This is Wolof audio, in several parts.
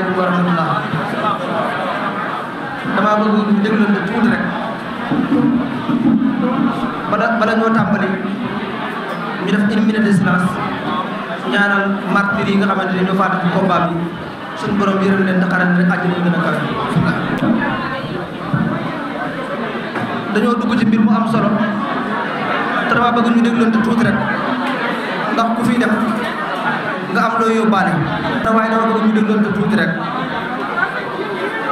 asalaamaaleykum wa rahmatullah damaa bëgg ñu déglante tuuti rek bala bala ñoo tàmbali ñu def une minute de silence ñaanal martyr nga xamante ne ñoo faatu ci combat bi suñu borom yërëm leen taxaral rek àjjana gën dañoo dugg ci mbir mu am solo te damaa bëgg ñu déglante tuuti rek ndax ku fi dem nga am loo yóbbaale da waaye dama bëgg ñu te tuuti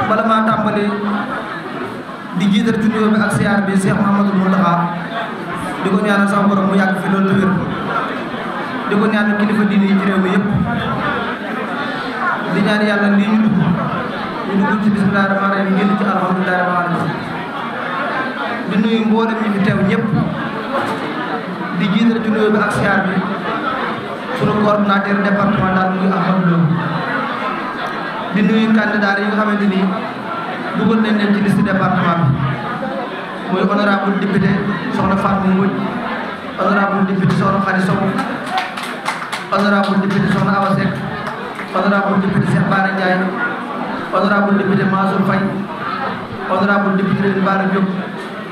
bala maa tàmbali di jiital ci nuyoo bi ak siyaar bi Cheikh Mouhamadou Mountakha di mu yàgg di ko ñaanal kilifa diine yi ci réew di ñaan di nuyu mboolem ñi fi di jiital ci nuyoo ak siyaar bi sunu coordonnateur départemental muy Ahmadou Lo di nuyu candidat yi nga xamante ni dugal nañ leen ci liste département bi muy honorable député soxna Fatou Mbodj honorable député soxna Khady Sow honorable député soxna Awa Seck honorable député Cheikh Bara Ndiaye honorable député Mansour Faye honorable député Lamine Bara Diop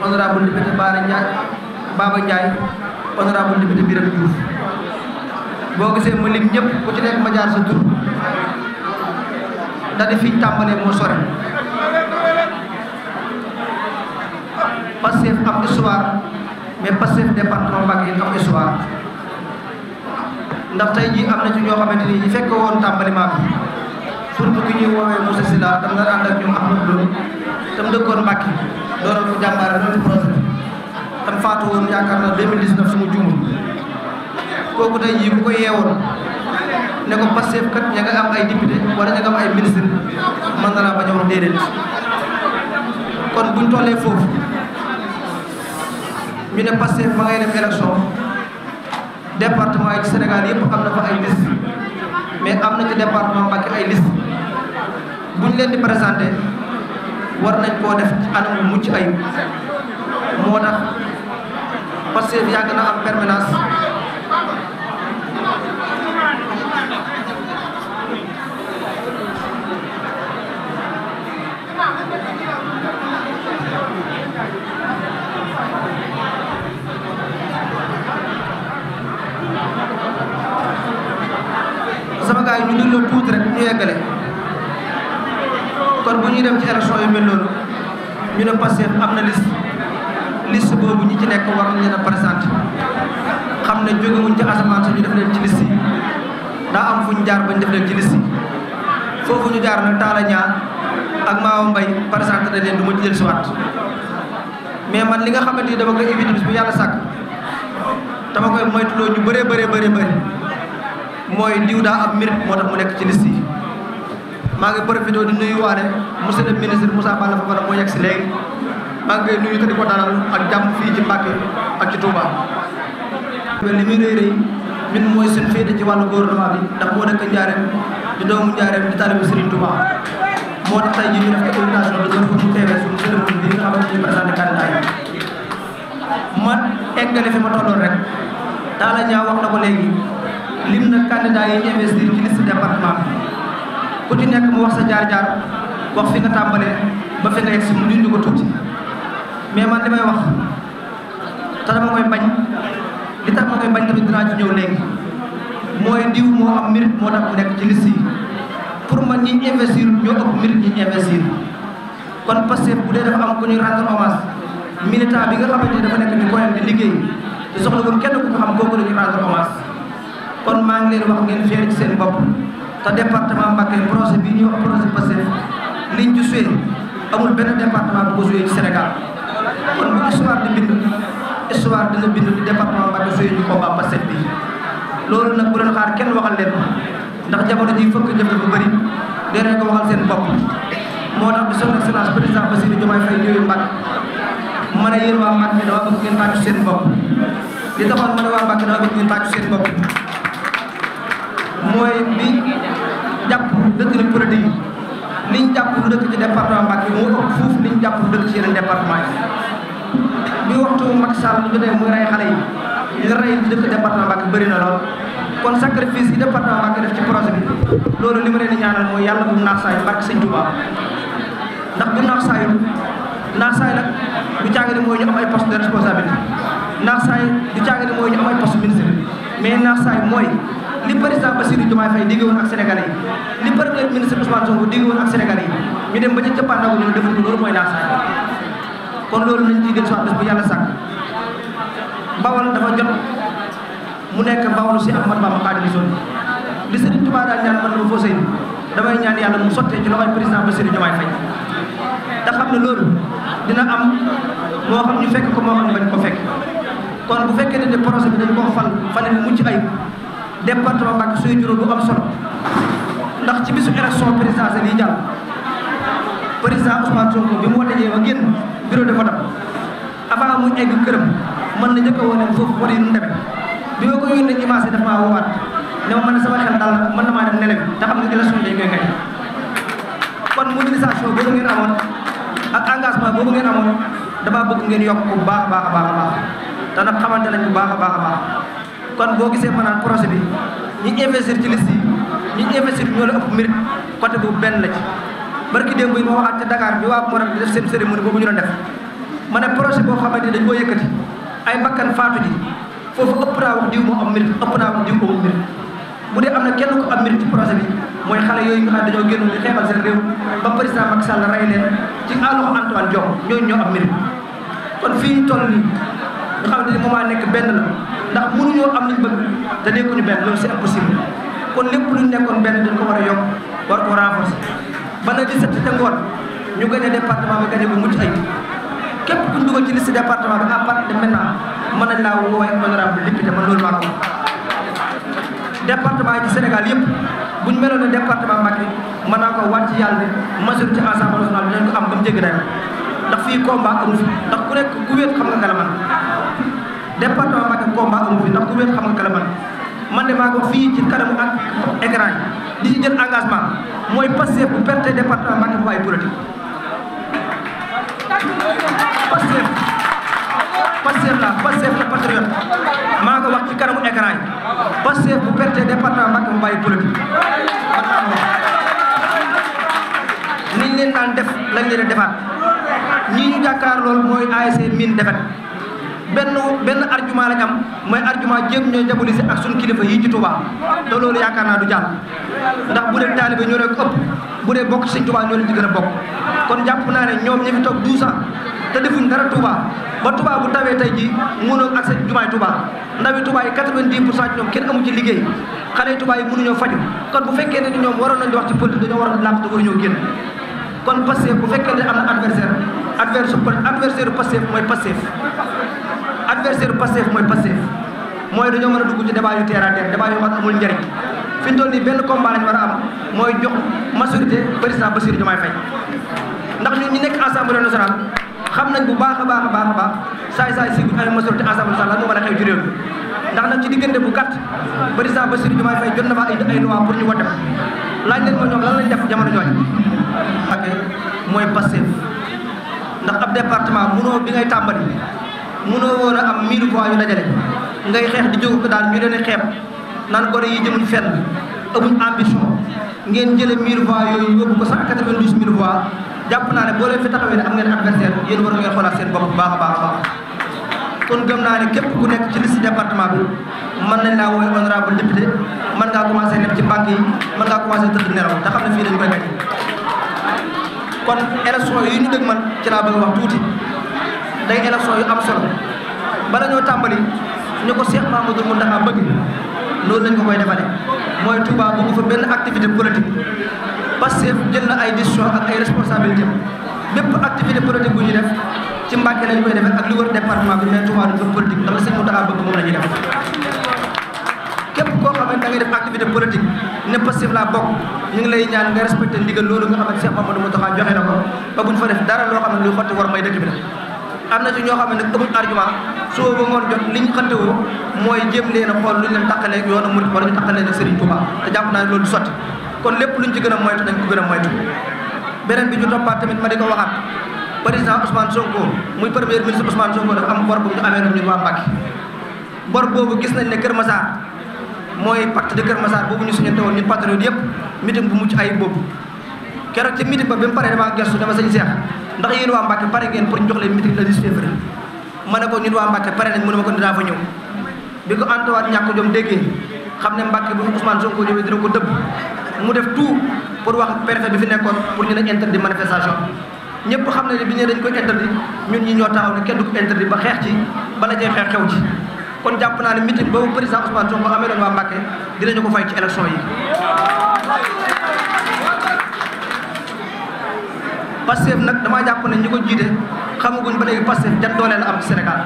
honorable député Bara Ndiaye Baba Ndiaye honorable député Birame Diouf boo gisee ma lim ku ci nekk ma jaar sa tur dadi fiñ tàmbalee moo sore Pastef am histoire mais Pastef département Mbacké am histoire ndax tey jii am ci bi surtout ki Moussa Sila dam na ànd ak ñoom Ahmed Lo tam dëkkoon Mbacké doonoon jàmbaare loolu projet tam faatu woon 2019 kooku tey jii bu ko yeewoon ne ko Pastef kat ña nga am ay député wala ña nga am ay ministre mën na laa bañ a wax déedéet kon buñ tollee foofu ñu ne Pastef ma ngay def élection département yi Sénégal yëpp am na fa ay liste mais am na ci département Mbacké ay liste buñ leen di présenté war nañ koo def ci anam bu mucc ayib moo tax Pastef yàgg na am permanence toogaay ñu dul la tuuti rek ñu yeggale kon bu ñuy dem ci élection yu mel noonu ñu ne Pastef am na liste liste boobu ñi ci nekk war nañu leen a présenté xam ne jógewuñ ci asamaan suñu def leen ci liste ndax daa am fuñ jaar bañ def leen ci liste yi foofu ñu jaar nag Talla Niang ak Maawa Mbaye présenté na leen du ma ci mais man li nga xamante ni dama koy éviter bis bu yàlla sàkk dama koy moytuloo ñu bëree bëree bëree bëri mooy diw daa am mérite moo tax mu nekk ci liste yi maa ngi profité di nuyu waale monsieur le ministre Moussa Balla Fofana moo yegg si léegi maa ngi koy nuyu te di ko dalal ak jàmm fii ci Mbàkke ak ci Touba. li muy rëy rëy ñun mooy suñu féete ci wàllu gouvernement bi ndax moo nekk njaareem di doomu njaareem di taalibu Serigne Touba moo tax tey jii ñu def ko invitation de zone pour mu teewee suñu cérémonie bi nga xamante ni présenté candidat yi ma eggale fi ma tolloon rek daal la ñaa wax na ko léegi. lim na candidat yi ñu investir ci liste département bi ku ci nekk mu wax sa jaar-jaar wax fi nga tàmbalee ba fi nga si mu dindi ko tuuti mais man li may wax te dama koy bañ li tax ma koy bañ tamit dinaa ci ñëw léegi mooy diw moo am mérite moo tax mu nekk ci liste yi pour man ñi investir ñoo ëpp mérite ñi investir kon parce que bu dee dafa am ku ñuy rendre hommage militant bi nga xamante ne dafa nekk di koyam di liggéey te soxla woon kenn ku ko xam kooku la ñuy rendre hommage kon maa ngi leen wax ngeen feer ci seen bopp te département Mbacké projet bi ñuy wax projet Pastef liñ ci amul benn département bu ko ci ci Sénégal kon bu histoire di bind histoire dina bind di departement Mbacké suyee ñu combat Pastef bi loolu nag bu leen xaar kenn waxal leen ndax jamono ji fëkk jëf bu bëri dee ko waxal seen bopp moo tax bi son excellence président Bassirou Diomaye Faye ñëwee Mbacké ma ne yéen waa Mbacké dama bëgg seen bopp li taxoon ma ne waa Mbacké dama bëgg ngeen seen bopp mooy bi jàpp dëkk ni produit yi niñ jàpp lu dëkk ci département Mbacké moo ëpp fuuf niñ jàpp lu dëkk ci yeneen département yi bi waxtu Macky Sall ñu jotee muy rey xale yi ñu rey dëkk département Mbacké bëri na lool kon sacrifice yi département Mbacké def ci projet bi loolu li ma leen di ñaanal mooy yàlla bu naax saay barke sëñ Touba ndax bu naax saayul naax saay nag du caagi ne mooy ñu am ay poste de responsabilité naax saay du caagi ne mooy ñu am ay poste ministre mais naax saay mooy li président Bassirou Diomaye Faye dégg woon ak Sénégalais yi a premier ministre Ousmane Sonko dégg woon ak yi ñu dem ba ca cëppaandagu ñu defal ko loolu mooy laas kon loolu nañ ciy dellusiwaat bés bu yàlla sàkk Bawol dafa jot mu nekk Bawolu si Ahmad Bamba Xaadimu Rasuul li Sëriñ Tuubaa daal ñaan man dama foo sëy damay ñaan yàlla mu sottee ci loxoy président Bassirou Diomaye Faye te xam ne loolu dina am moo xam ñu fekk ko moo xam ne bañ ko fekk kon bu fekkee ne projet bi dañ koo fal fan mu mucc ayib département Mbacké suy juróom bu am solo ndax ci bisu élection présidentielle yi jàll président Ousmane Sonko bi mu watejee ba génn bureau de vote avant muy egg këram mën na njëkk a wane foofu war yi bi ma ko yónnee image dafa maa woowaat ma man sama xel daal mën na maa dem nelew te xam nga élection dañ koy kon mobilisation ngeen ak engagement ngeen dama bëgg ngeen bu baax baax baax baax bu baax baax baax kon boo gisee ma naan projet bi ñi investir ci liste yi ñi investir ñoo la ëpp mérite côté boobu benn la ci barki démb yi ma waxaat Dakar bi waa ko di def seen cérémonie boobu ñu doon def ma ne projet boo xamante ni dañ koo yëkkati ay bakkan faatu ji foofu ëpp naa wax diw moo am mérite ëpp naa wax diw moo am mérite bu dee am na kenn ko am mérite ci projet bi mooy xale yooyu nga xam ne dañoo di xeexal seen réew ba président Macky Sall rey leen ci àlloxo Antoine Diome ñooñu ñoo am mérite kon fii ñu toll nii nga xam ne moment nekk benn la ndax mënuñoo am liñ bëgg te nekkuñu benn loolu c'est impossible kon lépp luñ nekkoon benn dañ ko war a yokk war ko renforcer ba la 17 te ngoon ñu gagné département bi gagné bu mucc ayib képp kuñ dugal ci liste département bi à partir de maintenant mën nañ laa woowee honorable député man loolu maa ko département yi ci Sénégal yëpp bu ñu meloon ne département Mbacké mën naa ko wàcc yàlla ne majorité ci assemblée nationale dinañ ko am ba mu jéggi ndax fii combat amu fi ndax ku nekk ku wéet xam nga galaman département Mbacké combat amu fi ndax ku wéet xam nga kala man man de maa ko fii ci kanamu ak écran ci jël engagement mooy passé bu perte département Mbacké bu bàyyi politique passé passé la passé la patriote maa ko yi passé bu perte département Mbacké bu bàyyi politique leen daan def lañ leen defaat ñi ñu jàkkaar loolu mooy ASC mine defet benn benn argument lañ am mooy argument jéem ñooy diaboliser ak suñu kilifa yi ci Touba te loolu yaakaar naa du jàll ndax bu dee taalibe ñoo nekk ëpp bu dee bokk ci Sëñ Touba ñoo leen di gën a bokk kon jàpp naa ne ñoom ñi fi toog 12 ans te defuñ dara Touba ba Touba bu tawee ñoom kenn amu liggéey xale Touba yi mënuñoo faju kon bu fekkee ne ñoom waroon nañ di wax ci politique dañoo waroon lànk te waruñoo génn kon Pastef bu fekkee adversaire Pastef mooy Pastef mooy dañoo mën a dugg benn combat lañ war a am mooy jox majorité président Bassirou Diomaye Faye ndax ñun ñu nekk assemblée nationale xam nañ bu baax a baax a baax a baax saay saay si bu ñu amee majorité assemblée nationale moo mën a xew ci réew mi ndax nag ci diggante bu gàtt président Bassirou Diomaye Faye jot na fa ay loi pour ñu wote laaj leen ma ñoom lan lañ def jamono jooju ok mooy Pastef ndax ab département munoo bi ngay tàmbali mënoo woon a am mille fois yu dajale ngay xeex di jóg ko daal ñu leen xeeb naan gone yi jëmuñ fenn amuñ ambition ngeen jële mille voix yooyu yóbbu ko cent quatre-vingt-dix mille voix jàpp naa ne boo leen fi taxawee am ngeen adversaire yéen war ngeen xoolaat bopp baax baax baax kon gëm naa képp ku nekk ci liste département bi mën nañ laa woowee honorable député mën ngaa commencé nekk ci banque yi mën ngaa commencé tëdd nelaw te ne fii dañu koy kon élection yi ñu dëgg man ci laa wax tuuti day élection yu am solo bala ñoo tàmbali ñu ko Cheikh Mamadou Mountakha bëgg loolu lañ ko koy defale mooy Touba bu fa benn activité politique parce que jël na ay décision ak ay responsabilité bépp activité politique bu ñu def ci Mbàkke lañ koy defee ak lu wër département bëgg moom la ñuy def képp koo xam ne da def activité politique ne Pastef laa bokk ñu ngi lay ñaan nga respecté ndigal loolu nga xam ne Cheikh Mamadou Mountakha joxe na ko ba buñ fa def dara loo xam ne luy xotti war am na ci ñoo xam ne nag amul argument suba ba ngoon jot liñ xëttewoo mooy jéem leen a xool luñ leen taqalee yoonu murid wala ñu taqalee ak Serigne Touba te naa ne loolu sotti kon lépp luñ ci gën a moytu nañ ko beneen bi ñu toppaat tamit ma di ko waxaat président Ousmane Sonko muy premier ministre Ousmane Sonko dafa am bor bu ñu amee boobu gis nañ ne Kër Massar mooy pacte de Kër Massar boobu ñu suñante woon ñun patriote yëpp bu mucc ayib boobu keroog ca meeting ba bi mu paree damaa gëstu ndax yéen waa Mbacke pare ngeen pour ñu jox leen meeting le 10 février ma ne ko ñun waa Mbacke pare nañ mu ne ma ko dinaa fa ñëw bi ko antuwaat ñàkk ne Mbacke ko mu def tout pour wax préfet bi fi nekkoon pour ñu ne interdit manifestation ñëpp xam ne bi ñu dañ koy interdit ñun ñi ñoo taxaw ne kenn du ko interdit ba xeex ci bala jee xeex xew ci kon jàpp naa ne meeting boobu président Ousmane Sonko amee doon waa Mbacke dinañu ko fay ci élection yi Pastef nag damaa jàpp ne ñi ko jiite xamaguñ ba léegi Pastef jan doole la am Sénégal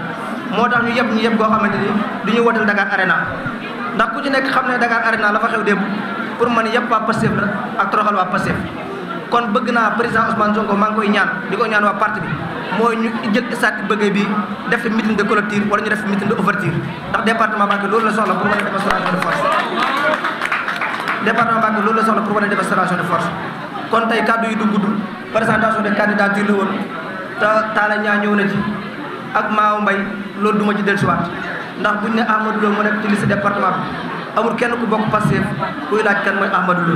moo tax ñu yëpp ñu yëpp goo xamante ni du ñu wotal Dakar Arena ndax ku ci xam ne Dakar Arena la fa xew démb pour man yëpp waa Pastef la ak toroxal waa Pastef kon bëgg naa président Ousmane Sonko maa koy ñaan di ko ñaan waa parti bi mooy ñu jël stade Bëggey bi def meeting de clôture wala ñu def meeting de ouverture ndax département Mbacké loolu la soxla pour mën a démonstration de kon tey kàddu yi du gudd présentation des candidatures la woon te Talla Niang ñëw na ci ak Maaw Mbaye loolu duma ci dellusiwaat ndax buñ ne Amadou Lo mu nekk ci liste département bi kenn ku bokk Pastef kuy laaj kan mooy Amadou Lo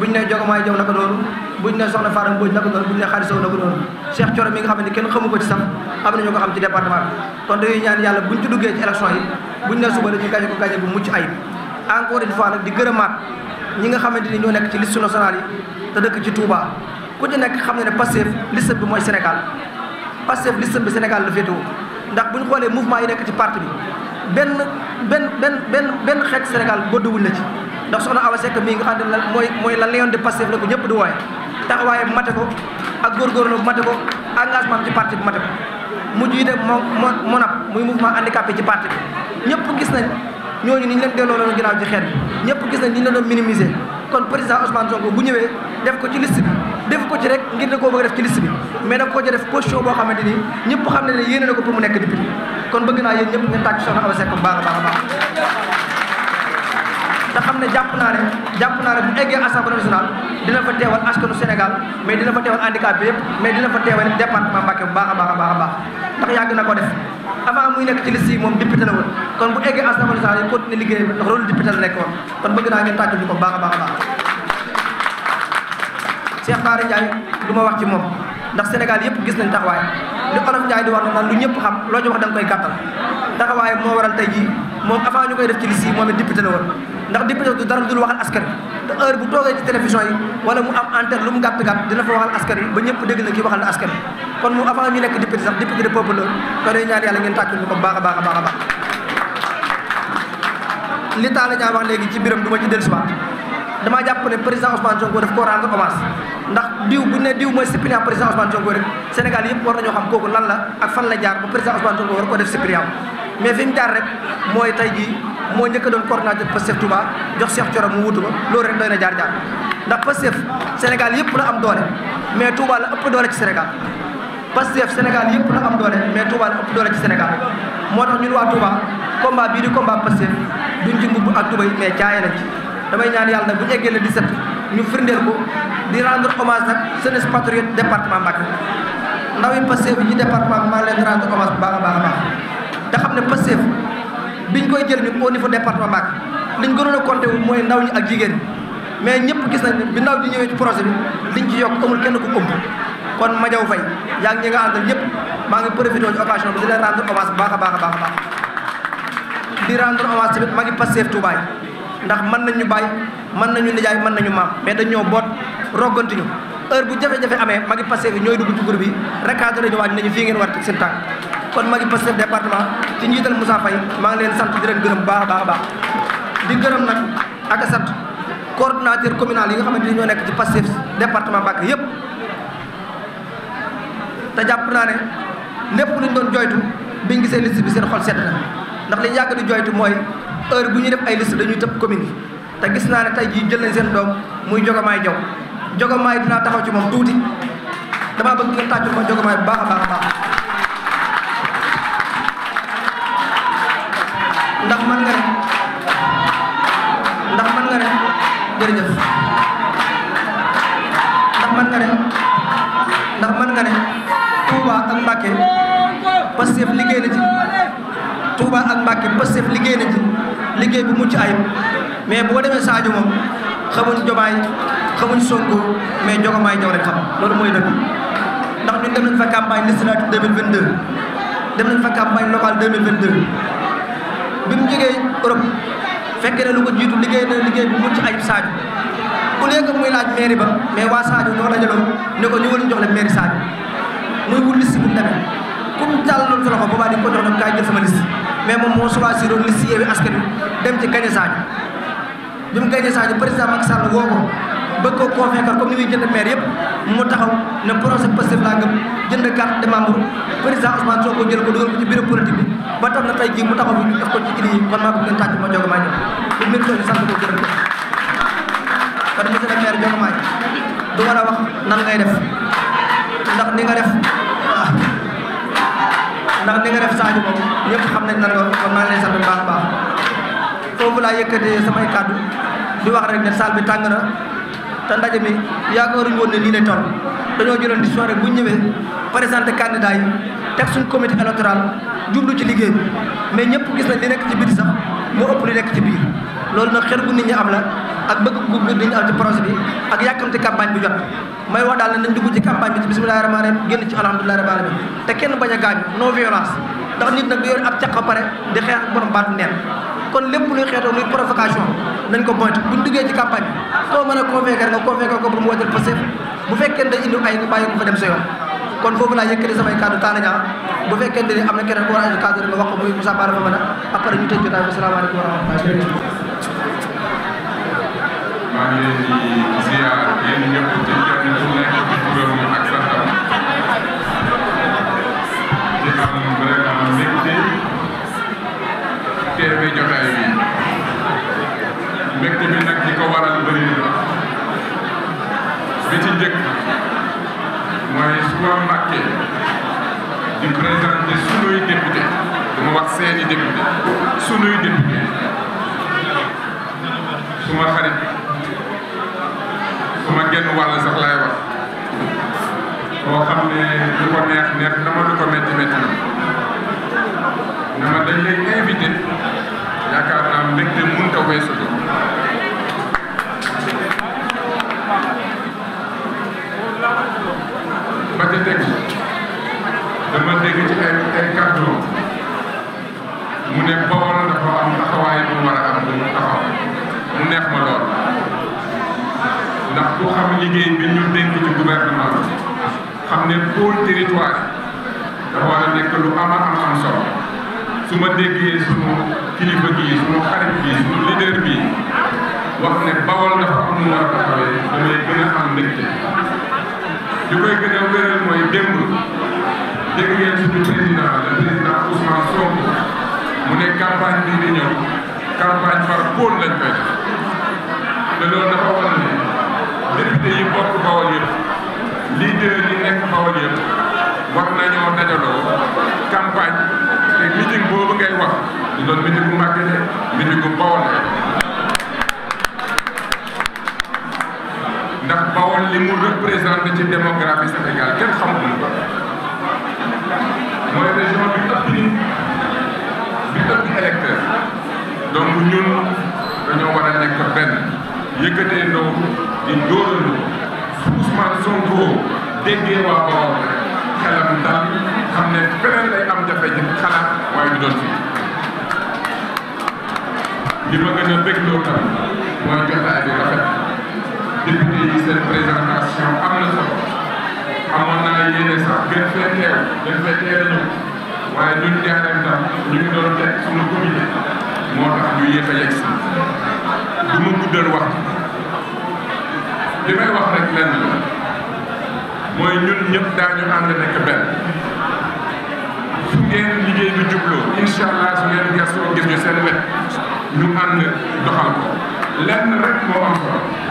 buñ ne Jogomaay Jaw naka noonu buñ ne Soxna Faram Mbodj naka noonu buñ ne Xaalis Sow naka noonu Cheikh Thioro mi nga xam ne kenn xamu ko ci sax am na ñu ko xam ci département bi kon dañuy ñaan yàlla buñ ci duggee ci élection yi buñ ne suba dañu di gërëmaat ñi nga xamante ni ñoo nekk ci liste nationale yi te dëkk ci Touba ku ci nekk xam na ne Pastef listam bi mooy Sénégal Pastef listam bi Sénégal la féetewoo ndax bu ñu xoolee mouvement yi nekk ci parti bi benn benn benn benn benn xeet Sénégal bodduwuñ la ci ndax soxna Awa Seck mii nga xam ne mooy mooy la Lion de Pastef la ko ñëpp di wooye taxawaayam mate ko ak góorgóorlu bu mate ko engagement am ci parti bi mate ko mu jiite moo moo monap muy mouvement handicapé ci parti bi ñëpp gis nañ ñoo ni ñu leen delloo loolu ginnaaw ci xeet ñëpp gis nañ ni ñu leen doon minimiser kon président Ousmane Sonko bu ñëwee def ko ci liste bi def ko ci rek ngir da koo bëgg a def ci liste bi da ko ci def position boo xamante ni ñëpp xam ne ne yéene na ko pour nekk député kon bëgg naa yéen a baax a naa ne jàpp naa ne bu eggee assemblée nationale dina baax a baax a baax a baax o yàgg na ko def avant muy nekk ci liste moom député la kon bu eggee assemblée nationale yi continuer liggéey bi ndax rôle député la nekkoon kon bëgg naa ngeen tàcc ko baax a baax baax Cheikh Bara Ndiaye du ma wax ci moom ndax Sénégal yëpp gis nañ taxawaay li olof Ndiaye di wax naan lu ñëpp xam loo ci wax da nga koy gàttal taxawaay moo waral tey jii moom avant ñu koy def ci liste yi moom it député la woon ndax député du dara dul waxal askan te heure bu toogee ci télévision yi wala mu am antenne lu mu gàtt gàtt dina fa waxal askan yi ba ñëpp dégg na kii waxal na askan kon moom avant ñu nekk député sax député de peuple la day ñaan yàlla ngeen tàccul ko baax a baax a baax a li taala ñaa wax léegi ci biram du ci dellusiwaat damaa jàpp ne président Ousmane Sonko daf koo rendre hommage diw bu ne diw mooy suppléant président Ousmane Sonko rek Sénégal yëpp war nañoo xam kooku lan la ak fan la jaar ba président Ousmane Sonko war koo def suppléant moo njëkk doon coordonnateur Pastef Touba jox Cheikh Thioro mu wutu ba loolu rek doy yëpp la am doole mais Touba la ëpp doole ci Sénégal Pastef Sénégal yëpp la am doole mais Touba la ëpp doole ci Sénégal moo tax ñun waa Touba combat bii di combat Pastef duñ ci mbubb ak Touba yi mais jaaye damay ñaan yàlla nag bu ñu eggee le ñu firndeel ko di rendre hommage nag jeunesse patriote département Mbacké ndaw yi Pastef yi departement département bi maa ngi leen di xam ne Pastef biñ koy jël ñu au niveau département Mbacké liñ gënoon a compté wu mooy ndaw ñi ak jigéen mais ñëpp gis nañ bi ndaw di ñëwee ci projet bi liñ ci yokk amul kenn ko ëmb kon Madiaw Faye yaa ngi nga àndal ñëpp maa ngi profité ci occasion bi di leen rendre hommage bu baax a baax a baax a baax di rendre hommage tamit maa ngi Pastef Touba ndax mën nañu bàyyi mën nañu nijaay mën nañu maam mais dañoo boot roggantuñu heure bu jafe-jafe amee magi Pastef bi ñooy dugg ci groupe bi recadré ñu waaj nañu fii ngeen war teg seen tànk kon magi Pastef département ci njiital Moussa Faye maa ngi leen sant di leen a baax a di gërëm nag ak sant coordonnateur communal yi nga xamante ni ñoo nekk ci Pastef département Mbacké yëpp te jàpp naa ne lépp luñ doon joytu biñ gisee liste bi seen xol sedd na ndax liñ yàgg di joytu mooy heure bu ñuy def ay liste dañuy tëb commune yi te gis naa ne tey jii jël nañ seen doom muy jogamaay jaw jogamaay dinaa taxaw ci moom tuuti damaa bëgg ngeen tàccul ma bu baax a baax a baax ndax man nga ne ndax man nga ne jërëjëf ndax man nga ne ndax man nga ne Touba ak Mbacké Pastef liggéey na ci Touba ak Mbacké Pastef liggéey na ci liggéey bu mucc ay mais boo demee Sadio moom xamuñ jomaay xamuñ Sonko mais Diomaye Diaw rek xam loolu mooy dëgg ndax ñun dem nañ fa campagne législative 2022 dem nañ fa campagne locale 2022 bi mu jógee Europe fekkee ne lu ko jiitu liggéey na liggéey bu mucc ayib Sadio ku léegi muy laaj mairie ba mais waa Sadio ñoo dajaloo ne ko ñu wëluñ jox leen mairie Sadio muy wut liste bu demee loolu sa loxo boobaa di jox nag kaay jël sama liste mais moom moo choisiroon liste Yewwi Askan Wi dem ci gagné Sadio bi mu gagné Sadio président Macky Sall bëgg ko convaincre comme ni muy jënd maire yëpp mu taxaw ne projet Pastef laa gëm jënd carte de membre président Ousmane Sonko jël ko dugal ko ci bureau politique bi ba tax na tey jii mu taxaw ñu def ko ci kii man maa ko gën tàcc ma jox maa ñëw pour mbir soo ñu sant ko gërëm ko. kon monsieur le maire jox maa du war wax nan ngay def ndax ni nga def ah, ndax ni nga def Sadio moom ñëpp xam nañ nan nga kon maa ngi lay sant bu baax a baax foofu laa yëkkatee samay kàddu di wax rek ne salle bi tàng na. te ndaje mi yaakaaruñu woon ne nii lay toll dañoo jëloon di soirée bu ñu ñëwee présenté candidat yi teg suñ comité électoral jublu ci liggéey mais ñëpp gis na li nekk ci biir sax moo ëpp li nekk ci biir loolu nag xel bu nit ñi am la ak bëgg gu nit ñi am ci projet bi ak yàkkamti campagne bi jot may wax daal ne nañ ci campagne bi ci bismillahi rahmaani rahim génn ci alhamdulillahi rabbil alamin te kenn bañ a gaañ non violence ndax nit nag du yor ab caq kon lépp luy xeetu luy provocation nañ ko moytu buñ duggee ci campagne soo mën a convaincre nga convaincre ko pour mu woteel Pastef bu fekkee da indi ay nga bàyyi ko fa dem sa yoon kon foofu laa yëkkati samay kàddu taala ñaa bu fekkee ne am na keneen cadre war a indi kàddu nga wax ko muy Moussa Bara Fofana après ñu tëj jotaay bi salaamaaleykum wa rahmatulah. maa ngi mbégte bi nag li ko waral bëri na bi ci njëkk mooy su ma màkkee di présenté sunuy député dama wax seeni député sunuy député suma xarit suma genn wàll sax laay wax boo xam ne lu ko neex neex dama lu ko metti metti na ma dañ lay invité yaakaar naa mbégte mënut a weesu ca tegu dama dégg ci ay ay kàddu mu ne Bawol dafa am taxawaay mu war a am bu mu taxaw ma lool ndax ku xam liggéey bi ñu dénk ci xam ne pôle territoire dafa war a lu ama am am solo su ma déggee sunu kilifa gi sunu xarit bi sunu leader bi wax ne Bawol dafa am mu war a taxawee damay gën a am mbégte li koy gën a wéral mooy démb dégg ngeen suñu président le président Ousmane Sonko mu ne campagne bii di ñëw campagne par pôle lañ koy def te loolu dafa war ne député yi bokk Bawol yëpp leader yi nekk Bawol yëpp war nañoo dajaloo campagne te meeting boobu ngay wax du doon meeting bu Mbàkke de meeting bu Bawol li mu représenté ci démographie Sénégal kenn xamul lu ko mooy région bi ëpp nit bi ëpp électeur donc ñun dañoo war a nekk benn yëkkatee ndaw di dóorandoo su Ousmane Sonko déggee waa Bawol xelam dal xam ne feneen lay am jafe-jafe xalaat waaye du doon fii li ma gën a bëgg loolu tam mooy jotaay bi rafet député yi seen présentation am na solo amoon naa yéene sax gën fee teew gën fee teel a ñëw waaye ñun ñaareel ñu doon teg suñu comité moo guddal wax li may wax rek lenn la mooy ñun ñëpp daañu ànd nekk benn su ngeen liggéey bi jubloo incha allah su ngeen gëstoo gis ñu seen wet ñu ànd doxal ko lenn rek moo am solo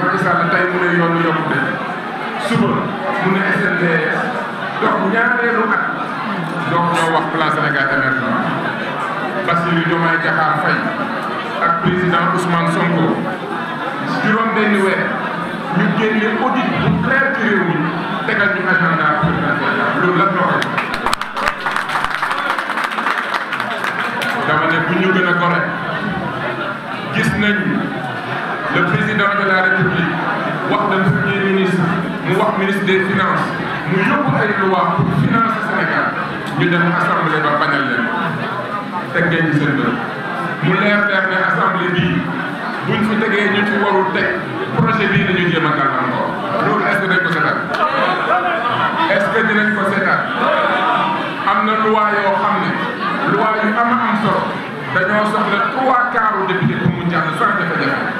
Macky Sall tey mu ne yoonu yokkute suba mu ne SNDS donc ñaareelu at donc ñoo wax plan Sénégal émergent Bassirou Diomaye Diakhar Faye ak président Ousmane Sonko juróom benn weer ñu génne audit bu clair ci réew mi tegal ñu agenda présidentiel loolu lan ñoo dama ne bu ñu gën a gore gis nañ le président de la république wax na premier ministre mu wax ministre des mu yóbbu ay loi pour financer Sénégal ñu dem assemblée ba bañal leen teg ngeen ci seen mu leer leer ne assemblée bii buñ fi tegee ñu ci warul teg projet bii dañu jéem a gàllankoor loolu est ko seetaan est-ce que ko seetaan am na loi yoo xam ne loi yu am am dañoo soxla trois quarts député pour mu jàll sans jafe-jafe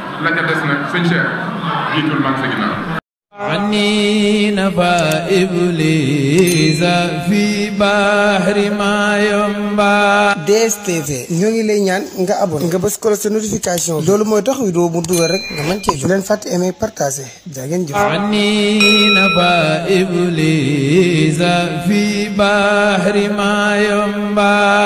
la ca des nag sëñ Cheikh jiitul mag ñoo ngi lay ñaan nga abonné nga bës ko notification loolu mooy tax vidéo mu dugal rek nga mën cee jot leen fàtte aimer partager jaa ngeen jëf عنين فإبليس في بحر ما ينبع